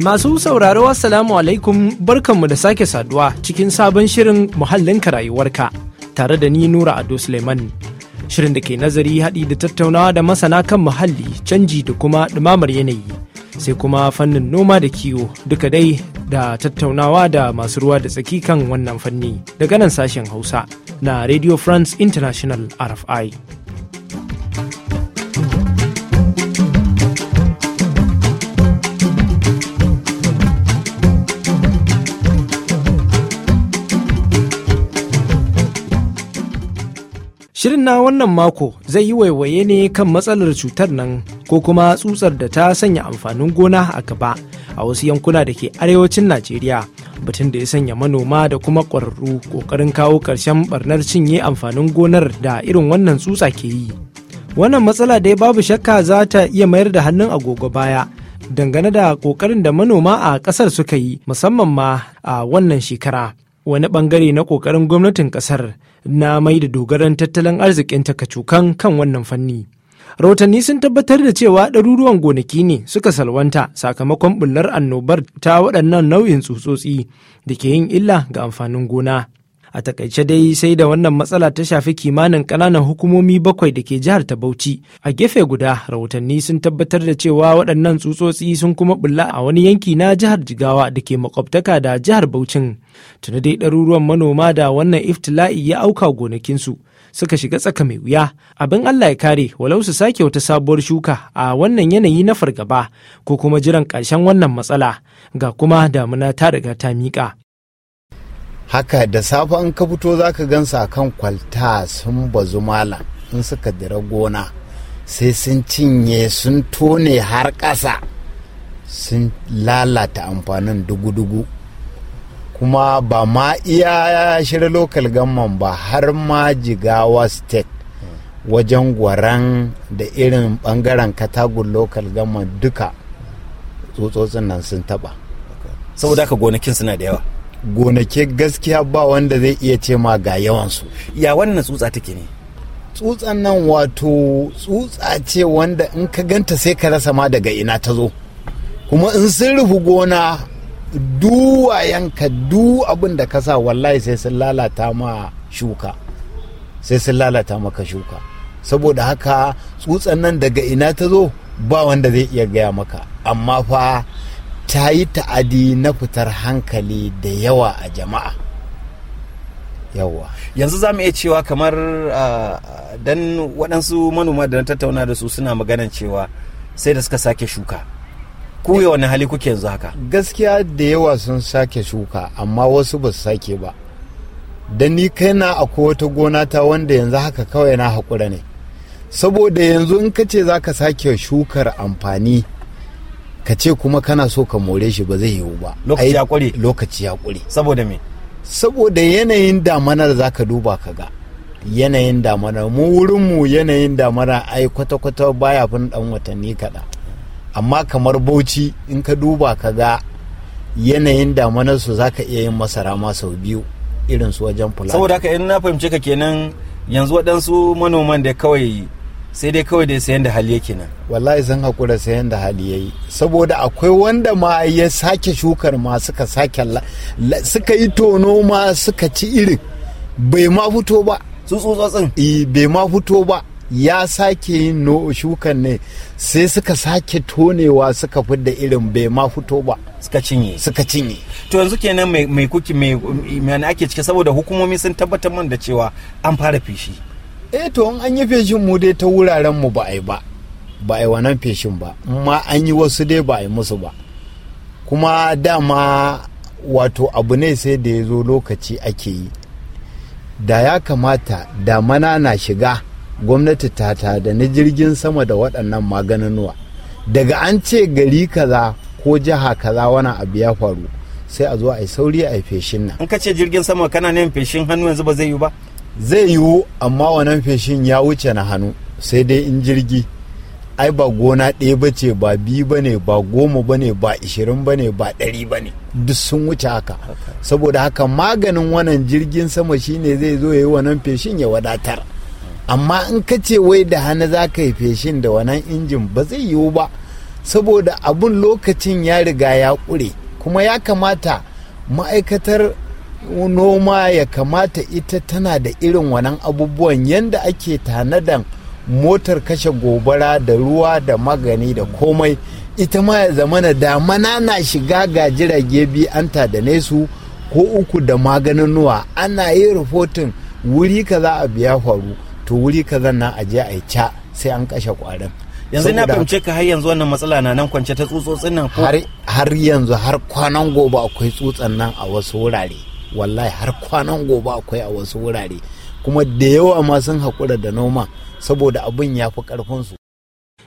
Masu sauraro Assalamu alaikum barkanmu da sake saduwa cikin sabon shirin muhallinka rayuwarka tare da ni Nura Ado Suleiman. Shirin da ke nazari haɗi da tattaunawa da masana kan muhalli, canji da kuma ɗumamar yanayi. Sai kuma fannin noma da kiwo duka dai da tattaunawa da masu ruwa da tsaki kan wannan fanni daga nan sashen Hausa na Radio France International RFI. Shirin na wannan mako zai yi waiwaye ne kan matsalar cutar nan ko kuma tsutsar da ta sanya amfanin gona a gaba a wasu yankuna da ke arewacin Najeriya batun da ya sanya manoma da kuma ƙwararru ƙoƙarin kawo ƙarshen ɓarnar cinye amfanin gonar da irin wannan tsutsa ke yi. Wannan matsala dai babu shakka za ta iya mayar da hannun agogo baya dangane da ƙoƙarin da manoma a ƙasar suka yi musamman ma a wannan shekara. wani bangare na kokarin gwamnatin kasar na mai da dogaran tattalin arzikin takacukan kan wannan fanni rahotanni sun tabbatar da cewa ɗaruruwan gonaki ne suka salwanta sakamakon bullar annobar ta waɗannan nau'in tsutsotsi da ke yin illa ga amfanin gona a takaice dai sai da wannan matsala ta shafi kimanin ƙananan hukumomi bakwai da ke jihar ta bauchi a gefe guda rahotanni sun tabbatar da cewa waɗannan tsutsotsi sun kuma bulla a wani yanki na jihar jigawa da ke makwabtaka da jihar bauchin Tuna dai ɗaruruwan manoma da wannan iftila'i ya auka gonakinsu suka shiga tsaka mai wuya abin allah ya kare walau su sake wata sabuwar shuka a wannan yanayi na fargaba ko kuma jiran ƙarshen wannan matsala ga kuma damuna ta riga ta miƙa haka da safe an ka fito za ka gansa kan kwalta sun bazu malam in suka dira gona sai sun cinye sun tone har ƙasa sun lalata amfanin dugu-dugu kuma ba ma iya shirya lokal gamman ba har ma jigawa state wajen gwaran da irin bangaren katagun lokal gamman duka tsotsotsin nan sun taba saboda haka gonakin suna da yawa gonake gaskiya ba wanda zai iya ce ma ga yawansu ya wannan tsutsa take ne tsutsan nan wato tsutsa ce wanda in ka ganta sai ka rasa ma daga ina ta zo kuma in sun rufu gona duwayenka du abin da ka sa wallahi sai sun lalata ma shuka sai sun lalata maka shuka saboda haka tsutsan nan daga ina ta zo ba wanda zai iya gaya maka amma fa ta yi ta'adi na fitar hankali da yawa a jama'a yawa yanzu za mu iya cewa kamar dan waɗansu manoma da na tattauna da su suna maganan cewa sai da suka sake shuka ku yi eh. wani hali kuke yanzu haka gaskiya da yawa sun sake shuka amma wasu ba su sake ba da ni kai kaina akwai wata gona ta wanda yanzu haka kawai na haƙura ne saboda yanzu in ka ce za ka sake shukar amfani ka ce kuma kana so ka more shi ba zai yiwu ba lokaci ya kure lokaci ya kure saboda me saboda yanayin damanar za ka duba ka ga yanayin damanar mu wurin mu yanayin damanar ai kwata-kwata baya fin dan watanni kaɗan amma kamar bauchi in ka duba ka ga yanayin damanar su za ka iya yin masara ma sau biyu irin su wajen fulani saboda haka in na fahimce ka kenan yanzu waɗansu manoman da kawai sai dai kawai dai sayan da hali yake nan wallahi zan hakura sayan da hali yayi saboda akwai wanda ma ya sake shukar ma suka sake suka yi tono ma suka ci irin bai ma fito ba su tsotsotsin eh, bai ma fito ba ya sake yin no shukan ne sai suka sake tonewa suka fidda irin bai ma fito ba suka cinye suka cinye to yanzu kenan mai kuki mai ake cike saboda hukumomi sun tabbatar man da cewa an fara fishi eh to in an yi feshin mu dai ta wuraren mu ba a yi ba ba a wannan feshin ba amma an yi wasu dai ba a yi musu ba kuma dama wato abu ne sai da ya zo lokaci ake yi da ya kamata da mana na shiga gwamnati ta da na jirgin sama da waɗannan maganannuwa daga an ce gari kaza ko jiha kaza wani abu ya faru sai a zo a yi sauri a yi feshin nan An ka ce jirgin sama kana neman feshin hannu yanzu ba zai yi ba zai yiwu amma wannan feshin ya wuce na hannu sai dai in jirgi ai ba gona ɗaya ba ce ba biyu ba ne ba goma ba ne ba ishirin ba ne ba ɗari ba ne duk sun wuce haka saboda haka maganin wannan jirgin sama shine zai zo ya yi wannan feshin ya wadatar amma in ka ce wai da hannu za ka yi feshin da wannan injin ba zai yiwu ba saboda abun lokacin ya riga ya ƙure kuma ya kamata ma'aikatar noma ya kamata ita tana da irin wannan abubuwan yadda ake tanadan motar kashe gobara da ruwa da magani da komai ita ma ya zamana damana na shiga ga jirage biyu an da nesu ko uku da maganin nuwa ana yi rufotin wuri ka za a biya faru to wuri ka zan nan aje a ca sai an kashe kwarin yanzu na fahimce ka har yanzu wannan matsala na nan kwance ta tsutsotsin nan har yanzu har kwanan gobe akwai tsutsan nan a wasu wurare wallahi har kwanan gobe akwai a wasu wurare kuma da yawa ma sun haƙura da noma saboda abin ya fi ƙarfinsu.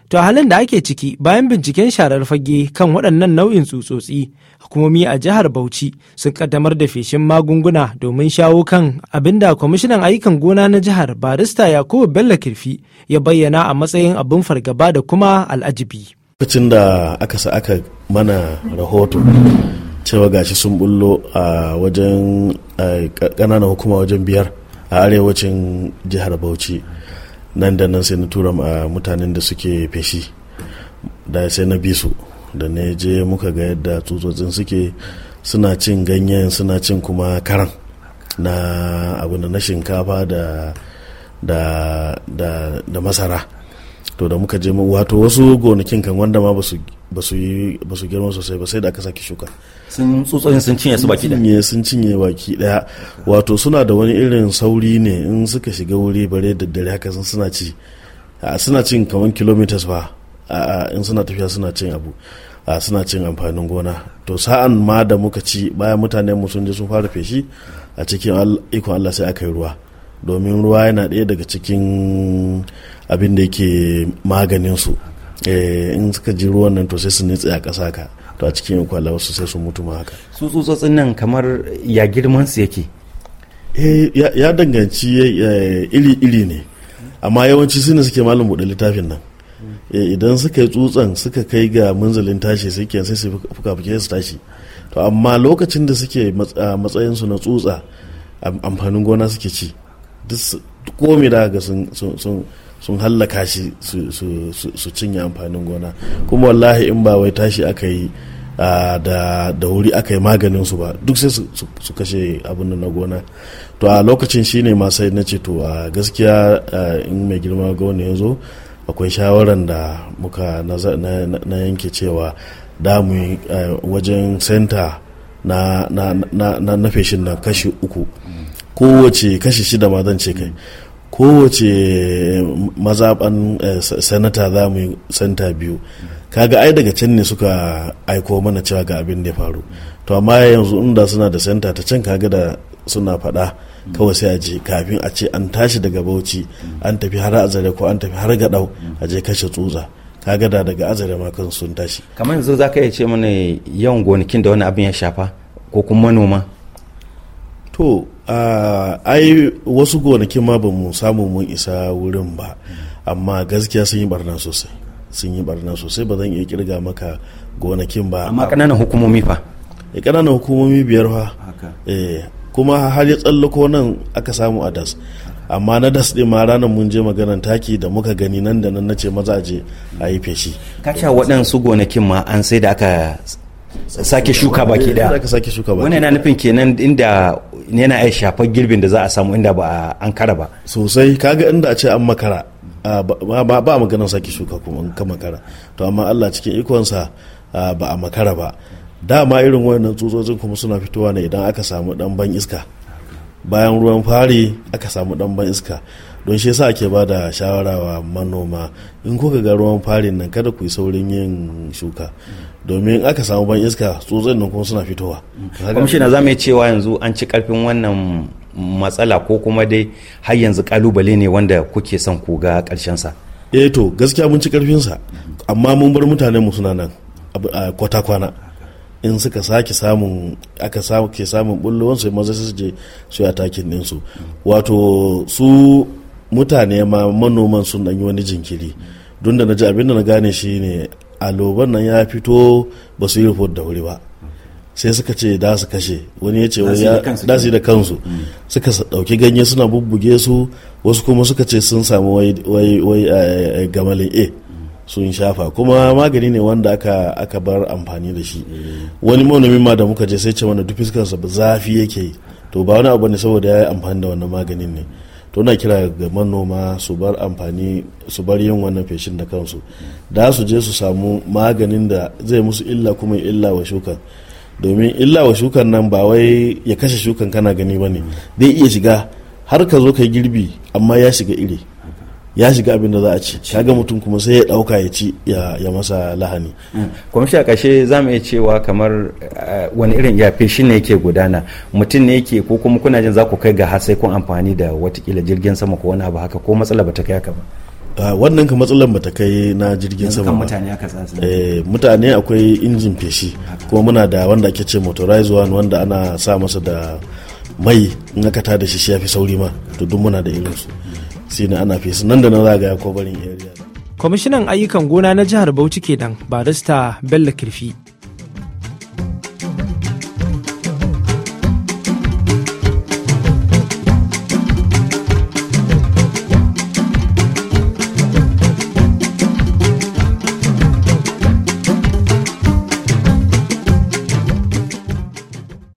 To halin da ake ciki bayan binciken sharar fage kan waɗannan nau'in tsutsotsi hukumomi a jihar Bauchi sun kaddamar da feshin magunguna domin shawo kan abinda kwamishinan ayyukan gona na jihar barista ya Yakubu Bello Kirfi ya bayyana a matsayin abin fargaba da kuma al'ajibi. Lokacin da aka sa aka mana rahoto cewa gashi sun bullo a wajen ƙananan hukuma wajen biyar a arewacin jihar bauchi nan da nan sai na tura a mutanen da suke feshi da sai na bisu da ne je muka ga yadda tsutsotsin suke suna cin ganyen suna cin kuma karan na abu na shinkafa da masara to da muka je mu wato wasu gonakin kan wanda ma ba su girma sosai ba sai da aka sake shuka sun sun cinye su baki daya sun cinye baki daya wato suna da wani irin sauri ne in suka shiga wuri bare da dare haka sun suna ci suna cin kamar kilometers ba in suna tafiya suna cin abu a suna cin amfanin gona to sa'an ma da muka ci bayan mutane mu sun je sun fara feshi a cikin ikon Allah sai aka yi ruwa domin ruwa yana ɗaya daga cikin abin da yake maganin su eh, in suka ji ruwan nan to sai su nitsa a ƙasa ka to a cikin kwala wasu sai su mutu ma haka su tsotsotsin nan kamar ya girman su yake eh, ya danganci iri-iri eh, ne amma yawanci su ne suke malam buɗe littafin nan idan suka yi tsutsan suka kai ga munzalin tashi sai ke sai su fuka su tashi to amma lokacin da suke matsayin su na tsutsa amfanin gona suke ci duk komi da ga sun hallaka shi su cinye amfanin gona kuma wallahi in ba wai tashi aka yi da wuri aka yi maganin su ba duk sai su kashe abin na gona to a lokacin shine masai na ce to a gaskiya in mai girma gona ya zo akwai shawaran da muka na yanke cewa damu wajen senta na feshin na kashi uku kowace kashi shida ba zan ce kai kowace mazaban eh, sanata za mu yi santa biyu kaga ai daga can ne suka aiko mana cewa ga abin da ya faru to amma yanzu inda suna da santa ta can kaga da suna faɗa kawai sai a je kafin a ce an tashi daga bauchi an tafi har azare ko an tafi har gadau a je kashe tsutsa kaga da daga azare ma kan sun tashi kamar yanzu za iya ce mana yawan gonakin da wani abin ya shafa ko kuma manoma to Ah, ai wasu gonakin ma ba mu samu mun isa wurin ba amma gaskiya sun yi barna sosai sun yi barna sosai ba zan iya kirga maka gonakin ba amma kananan hukumomi fa e eh, kananan hukumomi biyar fa eh kuma har ya tsallako nan aka samu a das amma na das ɗin ma ranar mun je maganan taki da muka gani nan da nan nace maza je a yi feshi kaca waɗansu gonakin ma an sai da aka sake shuka baki daya wannan yana nufin kenan inda yana iya shafar girbin da za a samu inda ba an kara ba sosai kaga inda a ce an makara ba maganar sake shuka kuma in ka makara to amma Allah cikin ikonsa ba a makara ba dama irin wannan tsutsotsin kuma suna fitowa ne idan aka samu dan ban iska bayan ruwan fari aka samu dan ban iska don shi yasa ake ba da shawara wa manoma in kuka ga ruwan farin nan kada ku yi saurin yin shuka domin aka samu ban iska tsotsin nan kuma suna fitowa kwamishina za mu yi cewa yanzu an ci karfin wannan matsala ko kuma dai har yanzu kalubale ne wanda kuke son ku ga karshen sa eh to gaskiya mun ci karfin sa amma mun bar mutane mu suna nan a kwata kwana in suka sake samun aka samu ke samun bullowan sai maza su je su yi takin ɗinsu wato su mutane ma manoman sun ɗanyi wani jinkiri don da na ji abin da na gane shi ne aloban nan ya fito ba su yi report da wuri ba sai suka ce da su kashe wani ya ce da su da kansu mm. suka dauki ganye suna bubbuge su wasu kuma suka ce sun samu wai gamalin a sun shafa kuma magani ne wanda aka bar amfani da shi mm. wani manomi ma da muka je sai ce mana duk fiskarsa zafi yake to ba wani abu ne saboda ya yi amfani da wannan maganin ne to na kira ga manoma su bar amfani su bar yin wannan feshin da kansu da su je su samu maganin da zai musu illa kuma illa wa shukan domin illa wa shukan nan ba wai ya kashe shukan kana gani ba ne zai iya shiga har ka zo ka girbi amma ya shiga iri ya shiga abin da za a ci kaga mutum kuma sai ya dauka ya ci ya masa lahani hmm. kuma shi a ƙashe za mu iya cewa kamar eh, wani irin yafe shi ne yake gudana mutum ne yake ko kuma kuna jin za ku kai ga har sai kun amfani da watakila jirgin sama ko wani abu haka ko matsala ba ta kai haka ba ah, wannan ka matsalar ba ta kai na jirgin sama eh, mutane akwai injin feshi kuma muna da wanda ake ce motorized one wanda ana sa masa da mai in aka tada shi shi ya fi sauri ma to duk muna da irinsu sai na ana fesa nan da nan za ga ya kwabarin area kwamishinan ayyukan gona na jihar bauchi kenan barista bello kirfi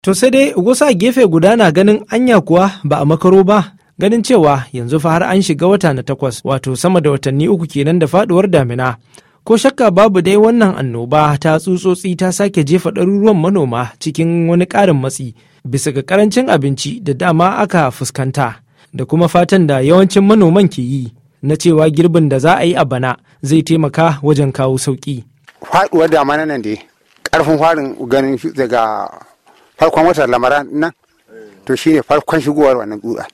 To sai dai wasu a gefe guda na ganin anya kuwa ba a makaro ba ganin cewa yanzu fa har an shiga wata na takwas wato sama da watanni uku kenan da faduwar damina ko shakka babu dai wannan annoba ta tsutsotsi ta sake jefa ɗaruruwan manoma cikin wani ƙarin matsi bisa ga ƙarancin abinci da dama aka fuskanta da kuma fatan da yawancin manoman ke yi na cewa girbin da za a yi a bana zai taimaka wajen kawo sauki. faɗuwar damana nan dai ƙarfin farin ganin daga farkon watan lamaran nan to shine farkon shigowar wannan guda.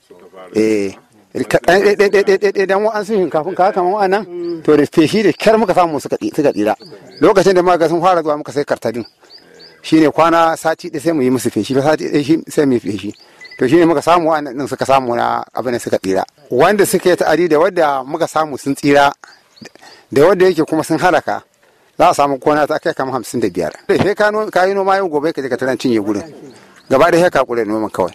dan eh, wa'an wa'ansu kafin ka wa'an nan to da feshi da kyar muka samu suka tsira lokacin da maga sun fara zuwa muka sai kartadin shine kwana sati da sai mu yi musu feshi ba sati ɗaya sai mu yi feshi to shine muka samu wa'an nan suka samu na abin da suka tsira wanda suka yi ta'adi da wanda muka samu sun tsira da wanda yake kuma sun halaka za a samu kona ta kai kamar hamsin da biyar da eh, sai ka yi noma yau gobe ka je ka taran cinye gurin gaba da sai ka kure noman kawai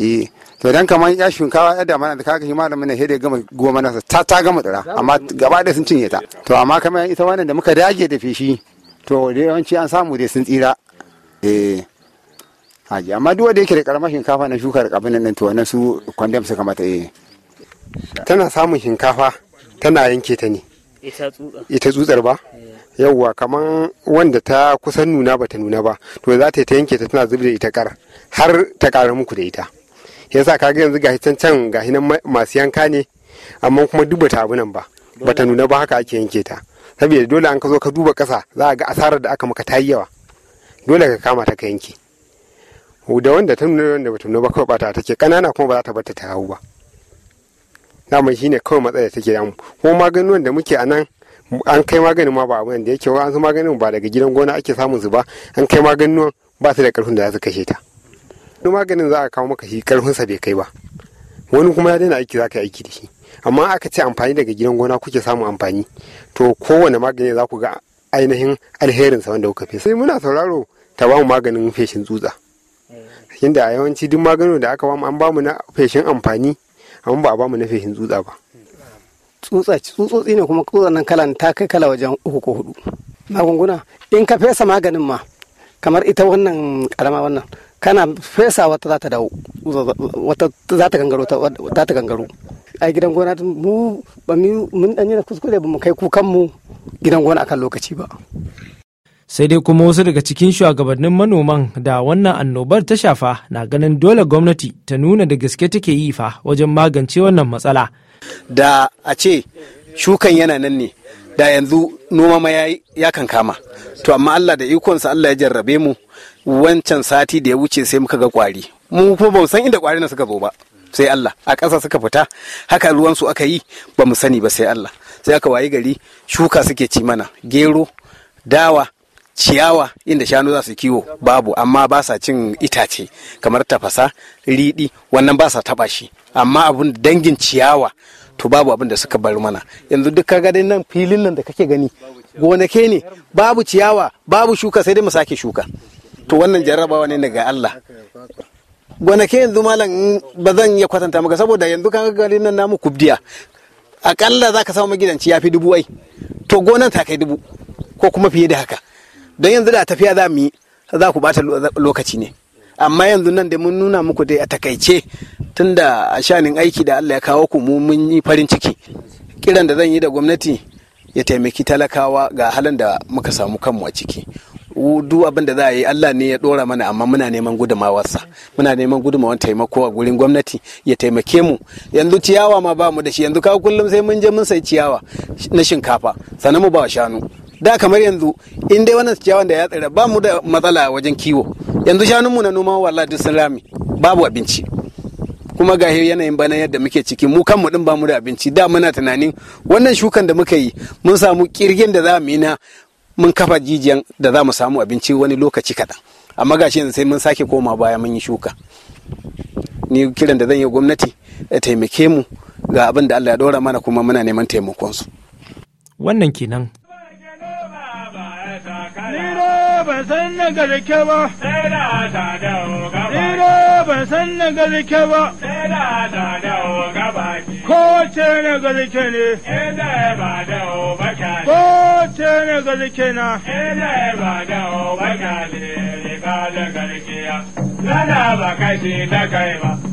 eh, to idan kamar ya shinkawa ya damana da kaga himar malamin ne da gama goma nasa ta ta gama dira amma gaba da sun cinye ta to amma kamar ita wannan da muka dage da feshi to da yawanci an samu dai sun tsira eh haji amma duk wanda yake da karamar shinkafa na shukar kabin nan to wannan su kwandam suka mata eh tana samun shinkafa tana yanke ta ne ita tsutsar ba eh. yauwa kamar wanda ta kusan nuna ba ta nuna ba to za ta ta yanke ta tana zub da ita kar har ta kara muku da ita yasa kaga yanzu gashi can can gashi nan masu yanka ne amma kuma duba bata abu nan ba bata nuna ba haka ake yanke ta saboda dole an ka zo ka duba kasa za a ga asarar da aka maka ta yawa dole ka kama ta ka yanke da wanda ta nuna wanda bata nuna ba kawai bata take kanana kuma ba za ta bar ta ta hau ba shi ne kawai matsalar take damu ko maganin da muke a nan an kai maganin ma ba da yake wa an su maganin ba daga gidan gona ake samun su ba an kai maganin ba su da karfin da za su kashe ta duk maganin za a kawo maka shi karfinsa bai kai ba wani kuma ya daina aiki za ka yi aiki da shi amma aka ce amfani daga gidan gona kuke samun amfani to kowane magani za ku ga ainihin alherinsa wanda kuka fi sai muna sauraro ta bamu maganin feshin tsutsa inda a yawanci duk maganin da aka bamu an bamu na feshin amfani amma ba a bamu na feshin tsutsa ba tsutsa tsutsotsi ne kuma tsutsa nan kala ta kai kala wajen uku ko hudu magunguna in ka fesa maganin ma kamar ita wannan karama wannan kana fesa wata za ta dawo wata za ta gangaro za ta gangaro a gidan gona mu ba mu mun dan yana kuskure ba mu kai kukan mu gidan gona akan lokaci ba sai dai kuma wasu daga cikin shugabannin manoman da wannan annobar ta shafa na ganin dole gwamnati ta nuna da gaske take yi fa wajen magance wannan matsala da a ce shukan yana nan ne da yanzu noma ma ya kan kama to amma Allah da ikonsa Allah ya jarrabe mu wancan sati da ya wuce sai muka ga kwari mu kuma ba san inda kwari na suka zo ba sai Allah a ƙasa suka fita haka ruwan su aka yi ba mu sani ba sai Allah sai aka wayi gari shuka suke ci mana gero dawa ciyawa inda shanu za su kiwo babu amma ba sa cin itace kamar tafasa riɗi wannan ba sa taɓa shi amma abun dangin ciyawa to babu abin da suka bar mana yanzu duk kaga dai nan filin nan da kake gani gonake ne babu ciyawa babu shuka sai dai mu sake shuka to wannan jarrabawa ne daga Allah gonake yanzu malam ba zan iya kwatanta maka saboda yanzu kaga garin nan namu kubdiya akalla zaka samu magidanci ya fi dubu ai to gonan ta kai dubu ko kuma fiye da haka don yanzu da tafiya za mu yi za ku bata lokaci ne amma yanzu nan da mun nuna muku dai a takaice tunda a shanin aiki da Allah ya kawo ku mu mun yi farin ciki kiran da zan yi da gwamnati ya taimaki talakawa ga halin da muka samu kanmu a ciki duk abin da za a yi Allah ne ya dora mana amma muna neman gudumawarsa muna neman gudumawar taimako a gurin gwamnati ya taimake mu yanzu ciyawa ma ba mu da shi yanzu ka kullum sai mun je mun sai ciyawa na shinkafa sannan mu ba shanu da kamar yanzu in dai wannan ciyawan da ya tsira ba mu da matsala wajen kiwo yanzu shanunmu na noman walla duk sun rami babu abinci kuma ga yanayin bana yadda muke ciki mu kanmu din bamu da abinci da muna tunanin wannan shukan da muka yi mun samu kirgin da za mu yi na mun kafa jijiyan da za mu samu abinci wani lokaci kaɗan amma gashi yanzu sai mun sake koma baya mun yi shuka ni kiran da zan yi gwamnati da taimake mu ga abin da Allah ya dora mana kuma muna neman taimakon su wannan kenan ban san na garke ba. Sai da ta dawo gaba. Tsira ban san na garke ba. Sai da ta dawo gaba. Ko ce na garke ne. Eh, Ina ba dawo ba kyale. Ko ce na garke na. Eh, Ina ba dawo ba kyale. Ni ba garkiya. Lana ba kashi ta kai ba.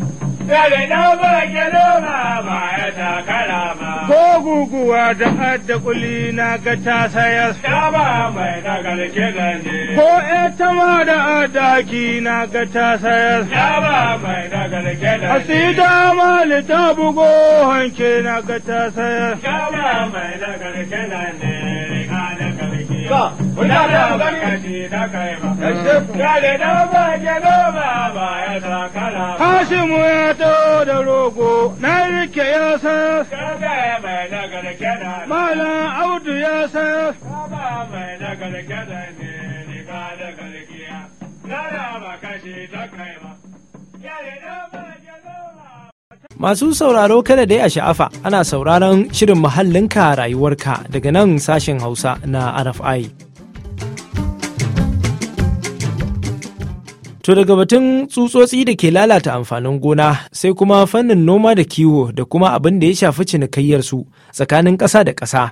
Daga ɗaba geloma ba ya takara ma. Ko guguwa da adda kuli na ga ta sayas. Daba mai dagal kilan ne. Ko ita ma da adaki na ga ta sayas. Daba mai dagal kilan ne. Asida mali ta bugo hanke na ga ta sayas. Daba mai dagal kilan ne. Ka da kalki. Ka, wani da magani. Ka da da ba geloma. Hashimu ya taho da rogo, na rike ya sayar. Malam Audu ya sayar. Masu sauraro kada dai a sha'afa ana sauraron shirin muhallinka rayuwarka daga nan sashen Hausa na RFI. To daga batun tsutsotsi da ke lalata amfanin gona sai kuma fannin noma da kiwo da kuma abin da ya shafi cinikayyar su tsakanin ƙasa da ƙasa.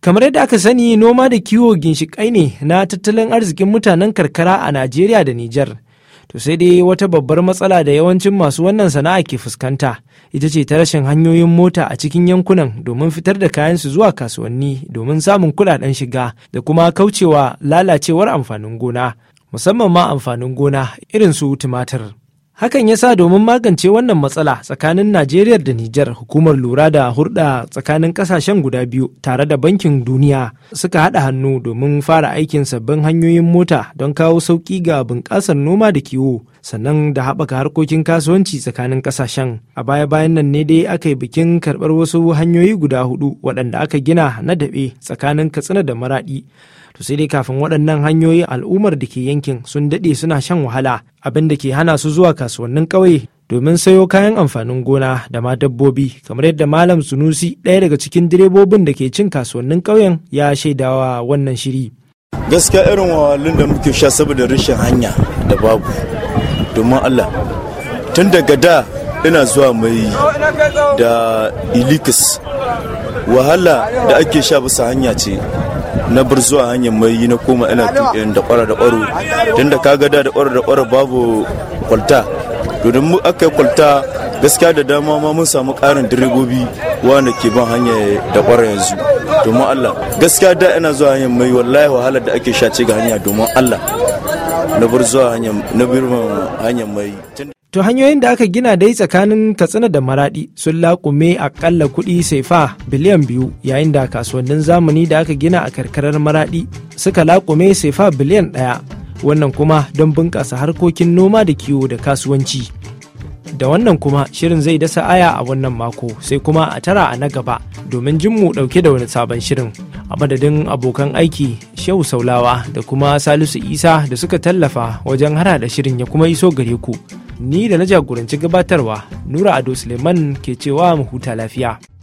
Kamar yadda aka sani noma da kiwo ginshiƙai ne na tattalin arzikin mutanen karkara a Najeriya da Nijar. To sai dai wata babbar matsala da yawancin masu wannan sana'a ke fuskanta ita ce ta rashin hanyoyin mota a cikin yankunan domin fitar da kayansu zuwa kasuwanni domin samun kuɗaɗen shiga da kuma kaucewa lalacewar amfanin gona. musamman ma amfanin gona irin su tumatir. Hakan ya sa domin magance wannan matsala tsakanin Najeriya da Nijar hukumar lura da hurɗa tsakanin ƙasashen guda biyu tare da bankin duniya suka haɗa hannu domin fara aikin sabbin hanyoyin mota don kawo sauƙi ga bunƙasar noma da kiwo sannan da haɓaka harkokin kasuwanci tsakanin ƙasashen. A baya-bayan nan ne dai aka yi bikin karɓar wasu hanyoyi guda hudu waɗanda aka gina na daɓe tsakanin Katsina da Maraɗi. to sai dai kafin waɗannan hanyoyi al'ummar da ke yankin sun daɗe suna shan wahala abin da ke hana su zuwa kasuwannin ƙauye domin sayo kayan amfanin gona da ma dabbobi kamar yadda malam sunusi ɗaya daga cikin direbobin da ke cin kasuwannin ƙauyen ya shaidawa wannan shiri gaskiya irin wahalun da muke sha saboda rashin hanya da babu domin allah tun daga da ina zuwa mai da ilikis wahala da ake sha bisa hanya ce na bar zuwa hanyar mai na koma ina tuƙin da ƙwara da ƙwaro tun da kaga da ƙwaro da ƙwaro babu kwalta domin mu aka yi kwalta gaskiya da dama ma mun samu ƙarin direbobi wanda ke ban hanya da ƙwaro yanzu domin Allah gaskiya da ina zuwa hanyar mai wallahi wahalar da ake shace ga hanya domin Allah na bar zuwa hanyar mai To hanyoyin da aka gina dai tsakanin Katsina da Maradi sun laƙume aƙalla kuɗi saifa biliyan biyu yayin da kasuwannin zamani da aka gina a karkarar Maradi suka laƙume saifa biliyan ɗaya wannan kuma don bunƙasa harkokin noma da kiwo da kasuwanci. Da wannan kuma shirin zai dasa aya a wannan mako sai kuma a tara a na gaba domin jin mu ɗauke da wani sabon shirin. A madadin abokan aiki Shehu Saulawa da kuma Salisu Isa da suka tallafa wajen hara da shirin ya kuma iso gare ku. ni da na jagoranci gabatarwa nura ado suleiman ke cewa mu huta lafiya